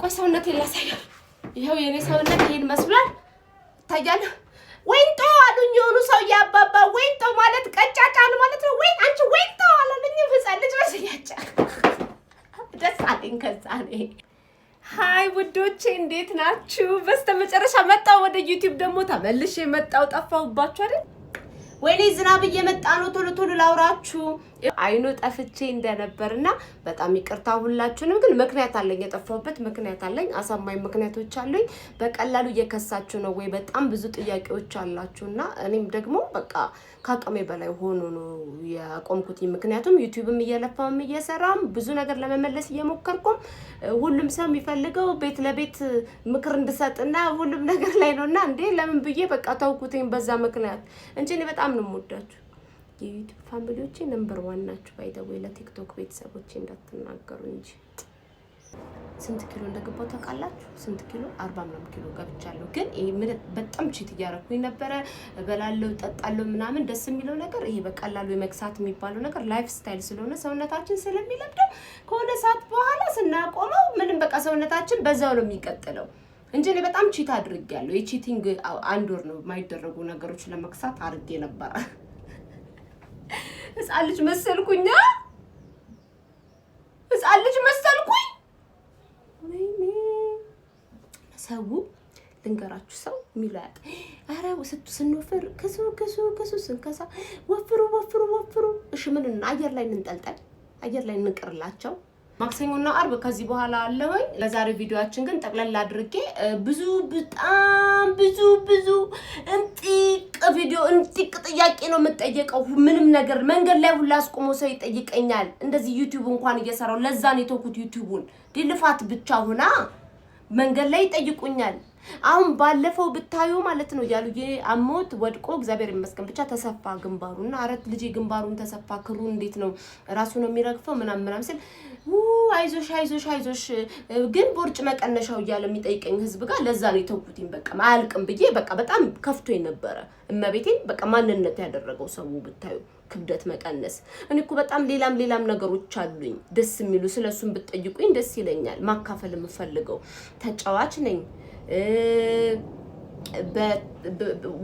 ቆይ ሰውነቴን ላሳየው። ይኸው የኔ ሰውነት ይሄን መስሏል። ታያለህ። ወይንጦ አሉኝ የሆኑ ሰውዬ አባባ። ወይንጦ ማለት ቀጫጫን ማለት ነው ወይ? አንቺ ወይንጦ አላለኝም። ህፃን ልጅ መስያጫ ደስ አለኝ። ከዛ ነው ሀይ ውዶቼ እንዴት ናችሁ? በስተመጨረሻ መጣው ወደ ዩቲዩብ ደግሞ ተመልሼ መጣው። ጠፋሁባችሁ አይደል? ወይኔ ዝናብ እየመጣ ነው። ቶሎ ቶሎ ላውራችሁ አይኖ ጠፍቼ እንደነበርና በጣም ይቅርታ ሁላችሁንም። ግን ምክንያት አለኝ፣ የጠፋሁበት ምክንያት አለኝ፣ አሳማኝ ምክንያቶች አሉኝ። በቀላሉ እየከሳችሁ ነው ወይ? በጣም ብዙ ጥያቄዎች አላችሁና እኔም ደግሞ በቃ ከአቅሜ በላይ ሆኖ ነው የቆምኩት። ምክንያቱም ዩቲዩብም እየለፋም እየሰራም ብዙ ነገር ለመመለስ እየሞከርኩም ሁሉም ሰው የሚፈልገው ቤት ለቤት ምክር እንድሰጥና ሁሉም ነገር ላይ ነው እና እንዴ ለምን ብዬ በቃ ተውኩትኝ በዛ ምክንያት እንጂ እኔ በጣም ነው የምወዳችሁ። የዩቲዩብ ፋሚሊዎች ነምበር ዋን ናችሁ። ባይደው ለቲክቶክ ቤተሰቦች እንዳትናገሩ እንጂ ስንት ኪሎ እንደገባው ታውቃላችሁ? ስንት ኪሎ? አርባ ምናምን ኪሎ ገብቻለሁ። ግን በጣም ቺት እያረኩኝ ነበረ። እበላለሁ፣ ጠጣለሁ ምናምን። ደስ የሚለው ነገር ይሄ በቀላሉ የመግሳት የሚባለው ነገር ላይፍ ስታይል ስለሆነ ሰውነታችን ስለሚለምደው ከሆነ ሰዓት በኋላ ስናቆመው ምንም በቃ ሰውነታችን በዛው ነው የሚቀጥለው እንጂ እኔ በጣም ቺት አድርጌያለሁ። የቺቲንግ አንድ ወር ነው የማይደረጉ ነገሮች ለመግሳት አድርጌ ነበረ። ህፃን ልጅ መሰልኩኝ፣ ህፃን ልጅ መሰልኩኝ። ሰው ልንገራችሁ፣ ሰው የሚለው ያውቅ። ኧረ ስቱ ስንወፍር ክሱ ክሱ ክሱ ስንከሳ ወፍሩ ወፍሩ ወፍሩ። እሺ ምን አየር ላይ እንንጠልጠል፣ አየር ላይ እንቅርላቸው። ማክሰኞና አርብ ከዚህ በኋላ አለሁኝ። ለዛሬ ቪዲዮችን ግን ጠቅለል አድርጌ ብዙ በጣም ብዙ ጥቅ ጥያቄ ነው የምጠየቀው። ምንም ነገር መንገድ ላይ ሁላ አስቆሞ ሰው ይጠይቀኛል። እንደዚህ ዩቲዩብ እንኳን እየሰራው ለዛ ነው የተውኩት። ዩቲዩቡን ልፋት ብቻ ሆና መንገድ ላይ ይጠይቁኛል። አሁን ባለፈው ብታዩ ማለት ነው እያሉ አሞት ወድቆ እግዚአብሔር ይመስገን ብቻ ተሰፋ ግንባሩ እና አረት ልጅ ግንባሩን ተሰፋ ክሩ እንዴት ነው ራሱ ነው የሚረግፈው ምናም ምናም ስል አይዞሽ አይዞሽ አይዞሽ ግን ቦርጭ መቀነሻው እያለ የሚጠይቀኝ ህዝብ ጋር ለዛ ነው የተውኩትኝ። በቃ አያልቅም ብዬ በቃ በጣም ከፍቶ ነበረ። እመቤቴን በቃ ማንነት ያደረገው ሰው ብታዩ ክብደት መቀነስ። እኔ እኮ በጣም ሌላም ሌላም ነገሮች አሉኝ ደስ የሚሉ ስለሱም ብትጠይቁኝ ደስ ይለኛል። ማካፈል የምፈልገው ተጫዋች ነኝ።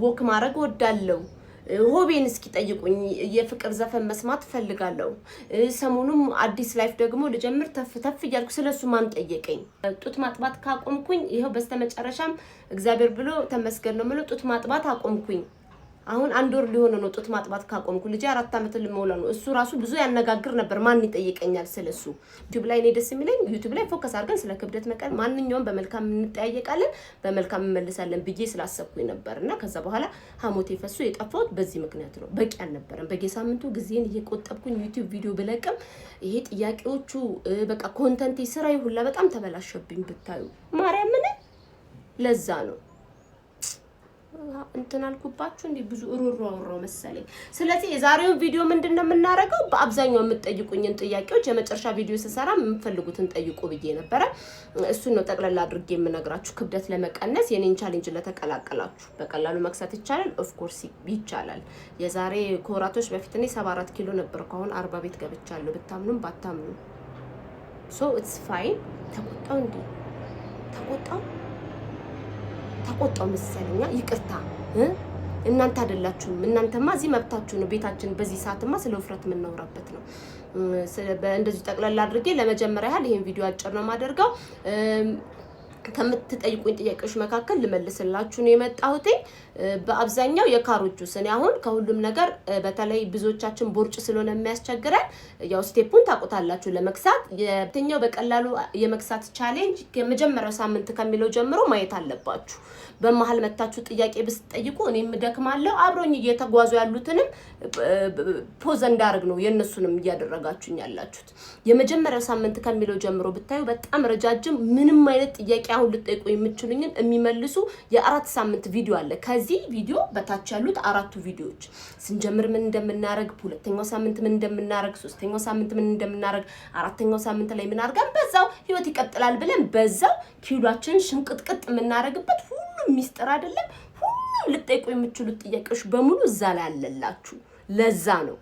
ወክ ማድረግ ወዳለው ሆቤን እስኪ ጠይቁኝ። የፍቅር ዘፈን መስማት ፈልጋለሁ። ሰሞኑም አዲስ ላይፍ ደግሞ ልጀምር ተፍ ተፍ እያልኩ ስለሱ ማን ጠየቀኝ። ጡት ማጥባት ካቆምኩኝ ይኸው በስተመጨረሻም እግዚአብሔር ብሎ ተመስገን ነው የምለው ጡት ማጥባት አቆምኩኝ። አሁን አንድ ወር ሊሆነ ነው ጡት ማጥባት ካቆምኩ። ልጄ አራት ዓመት ልሞላ ነው። እሱ ራሱ ብዙ ያነጋግር ነበር። ማን ይጠይቀኛል ስለሱ? ዩቲዩብ ላይ እኔ ደስ የሚለኝ ዩቲዩብ ላይ ፎከስ አድርገን ስለ ክብደት መቀል ማንኛውም በመልካም እንጠያየቃለን፣ በመልካም እንመልሳለን ብዬ ስላሰብኩኝ ነበር እና ከዛ በኋላ ሀሞቴ ፈሱ የጠፋሁት በዚህ ምክንያት ነው። በቂ አልነበረም። በየሳምንቱ ጊዜን እየቆጠብኩኝ ዩቲዩብ ቪዲዮ ብለቅም ይሄ ጥያቄዎቹ በቃ ኮንተንቴ ስራዬ ሁላ በጣም ተበላሸብኝ ብታዩ ማርያምን። ለዛ ነው እንትን አልኩባችሁ እንዴ? ብዙ ሩሮ ሩሮ መሰለኝ። ስለዚህ የዛሬውን ቪዲዮ ምንድን ነው የምናደርገው? በአብዛኛው የምትጠይቁኝን ጥያቄዎች የመጨረሻ ቪዲዮ ስሰራ የምፈልጉትን ጠይቁ ብዬ ነበረ። እሱን ነው ጠቅላላ አድርጌ የምነግራችሁ፣ ክብደት ለመቀነስ የኔን ቻሌንጅ ለተቀላቀላችሁ በቀላሉ መክሳት ይቻላል። ኦፍኮርስ ይቻላል። የዛሬ ከወራቶች በፊት እኔ ሰባ ኪሎ ነበር። ከአሁን አርባ ቤት ገብቻለሁ። ብታምኑም ባታምኑ ሶ ኢትስ ፋይን። ተቆጣው እንዴ? ተቆጣው ተቆጣው መሰለኛ። ይቅርታ እናንተ አይደላችሁም። እናንተማ እዚህ መብታችሁ ነው። ቤታችን በዚህ ሰዓትማ ስለ ውፍረት የምናወራበት ነው። እንደዚሁ ጠቅላላ አድርጌ ለመጀመሪያ ያህል ይህን ቪዲዮ አጭር ነው የማደርገው። ከምትጠይቁኝ ጥያቄዎች መካከል ልመልስላችሁ ነው የመጣሁት። በአብዛኛው የካሮት ጁስ እኔ አሁን ከሁሉም ነገር በተለይ ብዙዎቻችን ቦርጭ ስለሆነ የሚያስቸግረን ያው ስቴፑን ታውቁታላችሁ ለመግሳት የትኛው በቀላሉ የመግሳት ቻሌንጅ የመጀመሪያው ሳምንት ከሚለው ጀምሮ ማየት አለባችሁ። በመሀል መታችሁ ጥያቄ ብትጠይቁ እኔም እደክማለሁ አብሮኝ እየተጓዙ ያሉትንም ፖዘ እንዳርግ ነው የእነሱንም እያደረጋችሁኝ ያላችሁት። የመጀመሪያው ሳምንት ከሚለው ጀምሮ ብታዩ በጣም ረጃጅም ምንም አይነት ጥያቄ አሁን ልጠይቁ የምችሉኝን የሚመልሱ የአራት ሳምንት ቪዲዮ አለ። ከዚህ ቪዲዮ በታች ያሉት አራቱ ቪዲዮዎች ስንጀምር ምን እንደምናደርግ ሁለተኛው ሳምንት ምን እንደምናረግ፣ ሶስተኛው ሳምንት ምን እንደምናረግ፣ አራተኛው ሳምንት ላይ ምን አርገን በዛው ህይወት ይቀጥላል ብለን በዛው ኪሏችንን ሽንቅጥቅጥ የምናደርግበት ሁሉም ሚስጥር አይደለም። ሁሉም ልጠይቁ የምችሉት ጥያቄዎች በሙሉ እዛ ላይ አለላችሁ። ለዛ ነው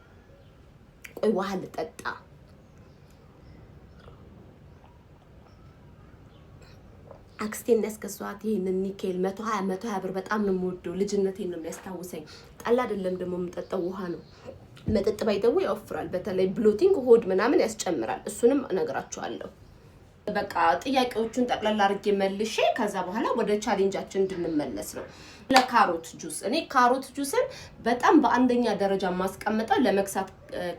ቆይ ውሃ ልጠጣ አክስቴን ያስከሷት ይህንን ኒኬል መቶ ሀያ መቶ ሀያ ብር በጣም ነው የምወደው። ልጅነቴን ነው የሚያስታውሰኝ። ጠላ አይደለም ደግሞ የምጠጣው ውሃ ነው። መጠጥ ባይተው ያወፍራል። በተለይ ብሎቲንግ ሆድ ምናምን ያስጨምራል። እሱንም እነግራችኋለሁ። በቃ ጥያቄዎቹን ጠቅላላ አድርጌ መልሼ ከዛ በኋላ ወደ ቻሌንጃችን እንድንመለስ ነው። ለካሮት ጁስ እኔ ካሮት ጁስን በጣም በአንደኛ ደረጃ ማስቀምጠው ለመክሳት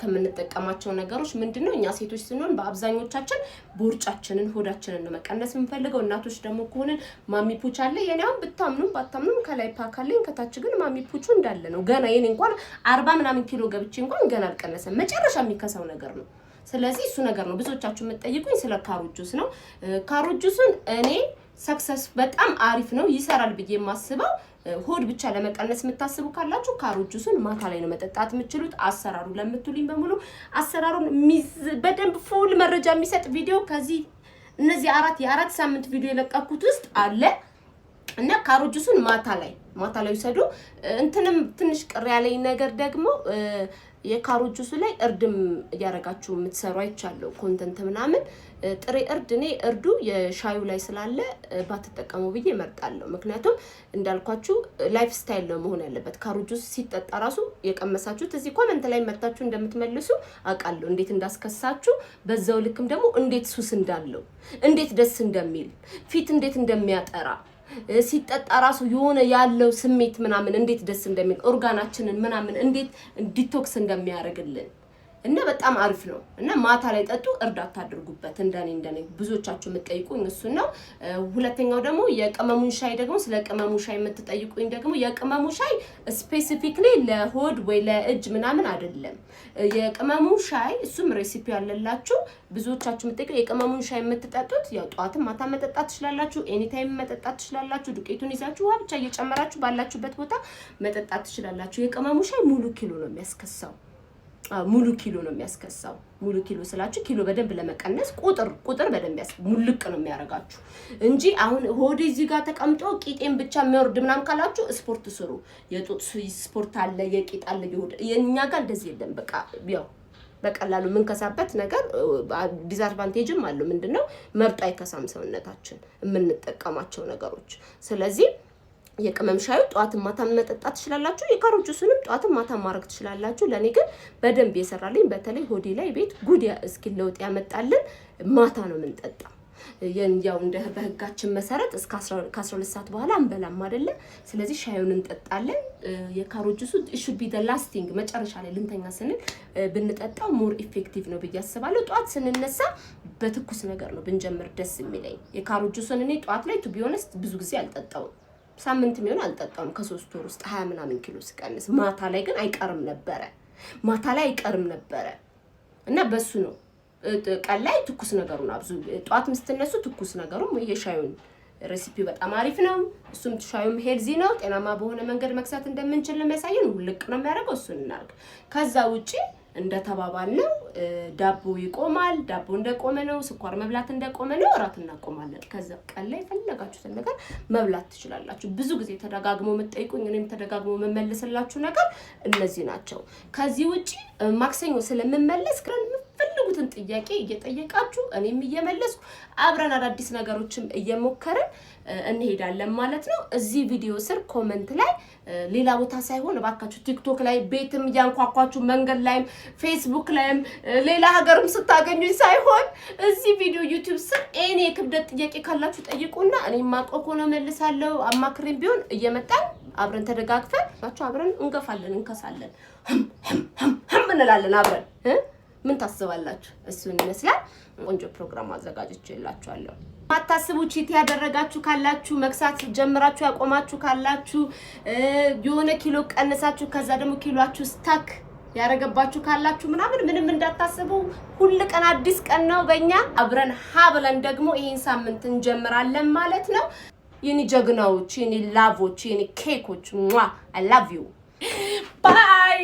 ከምንጠቀማቸው ነገሮች ምንድን ነው? እኛ ሴቶች ስንሆን በአብዛኞቻችን ቦርጫችንን፣ ሆዳችንን ነው መቀነስ የምንፈልገው። እናቶች ደግሞ ከሆንን ማሚፑች አለ። የኔ አሁን ብታምኑም ባታምኑም ከላይ ፓክ ከታች ግን ማሚፑቹ እንዳለ ነው። ገና የኔ እንኳን አርባ ምናምን ኪሎ ገብቼ እንኳን ገና አልቀነሰም። መጨረሻ የሚከሳው ነገር ነው። ስለዚህ እሱ ነገር ነው ብዙዎቻችሁ የምትጠይቁኝ ስለ ካሮት ጁስ ነው። ካሮት ጁስን እኔ ሰክሰስ በጣም አሪፍ ነው ይሰራል ብዬ የማስበው ሆድ ብቻ ለመቀነስ የምታስቡ ካላችሁ ካሮት ጁስን ማታ ላይ ነው መጠጣት የምችሉት። አሰራሩ ለምትሉኝ በሙሉ አሰራሩን በደንብ ፉል መረጃ የሚሰጥ ቪዲዮ ከዚህ እነዚህ አራት የአራት ሳምንት ቪዲዮ የለቀኩት ውስጥ አለ እና ካሮት ጁስን ማታ ላይ ማታ ላይ ውሰዱ። እንትንም ትንሽ ቅር ያለኝ ነገር ደግሞ የካሮት ጁስ ላይ እርድም እያደረጋችሁ የምትሰሩ አይቻለሁ፣ ኮንተንት ምናምን ጥሬ እርድ። እኔ እርዱ የሻዩ ላይ ስላለ ባትጠቀሙ ብዬ መርጣለሁ ምክንያቱም እንዳልኳችሁ ላይፍ ስታይል ነው መሆን ያለበት። ካሮት ጁስ ሲጠጣ ራሱ የቀመሳችሁት እዚህ ኮመንት ላይ መርታችሁ እንደምትመልሱ አውቃለሁ፣ እንዴት እንዳስከሳችሁ። በዛው ልክም ደግሞ እንዴት ሱስ እንዳለው፣ እንዴት ደስ እንደሚል ፊት እንዴት እንደሚያጠራ ሲጠጣ ራሱ የሆነ ያለው ስሜት ምናምን እንዴት ደስ እንደሚል ኦርጋናችንን ምናምን እንዴት ዲቶክስ እንደሚያደርግልን እና በጣም አሪፍ ነው እና ማታ ላይ ጠጡ፣ እርዳታ አታድርጉበት። እንደኔ እንደኔ ብዙዎቻችሁ የምትጠይቁኝ እሱን ነው። ሁለተኛው ደግሞ የቅመሙን ሻይ ደግሞ ስለ ቅመሙ ሻይ የምትጠይቁኝ ደግሞ የቅመሙ ሻይ ስፔሲፊክሊ ለሆድ ወይ ለእጅ ምናምን አይደለም። የቅመሙ ሻይ እሱም ሬሲፒ ያለላችሁ ብዙዎቻችሁ የምትጠይቁ የቅመሙን ሻይ የምትጠጡት ያው ጠዋትም ማታ መጠጣት ትችላላችሁ፣ ኤኒታይም መጠጣት ትችላላችሁ። ዱቄቱን ይዛችሁ ውሃ ብቻ እየጨመራችሁ ባላችሁበት ቦታ መጠጣት ትችላላችሁ። የቅመሙ ሻይ ሙሉ ኪሎ ነው የሚያስከሳው ሙሉ ኪሎ ነው የሚያስከሳው። ሙሉ ኪሎ ስላችሁ ኪሎ በደንብ ለመቀነስ ቁጥር ቁጥር በደንብ ያስ ሙልቅ ነው የሚያደርጋችሁ እንጂ አሁን ሆዴ እዚህ ጋር ተቀምጦ ቂጤን ብቻ የሚወርድ ምናምን ካላችሁ ስፖርት ስሩ። የጡት ስፖርት አለ፣ የቂጥ አለ፣ ይሁድ የኛ ጋር እንደዚህ የለም። በቃ ያው በቀላሉ የምንከሳበት ነገር ዲስአድቫንቴጅም አለው። ምንድነው መብጣ አይከሳም ሰውነታችን የምንጠቀማቸው ነገሮች ስለዚህ የቅመም ሻዩ ጠዋትን ማታም መጠጣት ትችላላችሁ። የካሮት ጁስንም ጠዋትን ማታም ማድረግ ትችላላችሁ። ለእኔ ግን በደንብ የሰራልኝ በተለይ ሆዴ ላይ ቤት ጉድ እስኪል ለውጥ ያመጣልን ማታ ነው የምንጠጣው። ያው እንደ በህጋችን መሰረት እስከ 12 ሰዓት በኋላ አንበላም አይደለም ስለዚህ ሻዩን እንጠጣለን። የካሮት ጁሱ ሹድ ቢ ላስቲንግ መጨረሻ ላይ ልንተኛ ስንል ብንጠጣው ሞር ኢፌክቲቭ ነው ብዬ አስባለሁ። ጠዋት ስንነሳ በትኩስ ነገር ነው ብንጀምር ደስ የሚለኝ። የካሮት ጁሱን እኔ ጠዋት ላይ ቱ ቢሆነስ ብዙ ጊዜ አልጠጣውም። ሳምንት የሚሆን አልጠጣም። ከሶስት ወር ውስጥ ሀያ ምናምን ኪሎ ስቀንስ ማታ ላይ ግን አይቀርም ነበረ። ማታ ላይ አይቀርም ነበረ እና በሱ ነው። ቀን ላይ ትኩስ ነገሩን አብዙ። ጠዋት ምስትነሱ ትኩስ ነገሩም የሻዩን ሬሲፒ በጣም አሪፍ ነው። እሱም ሻዩም ሄልዚ ነው። ጤናማ በሆነ መንገድ መግዛት እንደምንችል ለሚያሳየን ውልቅ ነው የሚያደርገው። እሱን እናርግ። ከዛ ውጪ ነው። ዳቦ ይቆማል። ዳቦ እንደቆመ ነው፣ ስኳር መብላት እንደቆመ ነው። እራት እናቆማለን። ከዛ ቀን ላይ የፈለጋችሁትን ነገር መብላት ትችላላችሁ። ብዙ ጊዜ ተደጋግሞ የምትጠይቁኝ እኔም ተደጋግሞ የምመልስላችሁ ነገር እነዚህ ናቸው። ከዚህ ውጪ ማክሰኞ ስለምመለስ የምትፈልጉትን ጥያቄ እየጠየቃችሁ እኔም እየመለስኩ አብረን አዳዲስ ነገሮችም እየሞከርን እንሄዳለን ማለት ነው። እዚህ ቪዲዮ ስር ኮመንት ላይ ሌላ ቦታ ሳይሆን እባካችሁ ቲክቶክ ላይ ቤትም እያንኳኳችሁ መንገድ ላይም ፌስቡክ ላይም ሌላ ሀገርም ስታገኙኝ ሳይሆን እዚህ ቪዲዮ ዩቲዩብ ስር እኔ የክብደት ጥያቄ ካላችሁ ጠይቁና እኔ ማውቀው ከሆነ መልሳለሁ። አማክሬም ቢሆን እየመጣን አብረን ተደጋግፈን አብረን እንገፋለን፣ እንከሳለን፣ እንላለን አብረን ምን ታስባላችሁ? እሱን ይመስላል። ቆንጆ ፕሮግራም አዘጋጅቼላችኋለሁ። ማታስቡ ቺት ያደረጋችሁ ካላችሁ መክሳት ጀምራችሁ ያቆማችሁ ካላችሁ የሆነ ኪሎ ቀንሳችሁ ከዛ ደግሞ ኪሎችሁ ስታክ ያረገባችሁ ካላችሁ ምናምን ምንም እንዳታስቡ። ሁል ቀን አዲስ ቀን ነው በእኛ። አብረን ሀ ብለን ደግሞ ይህን ሳምንት እንጀምራለን ማለት ነው። የኔ ጀግናዎች፣ የኔ ላቮች፣ የኔ ኬኮች ሟ አይ ላቭ ዩ ባይ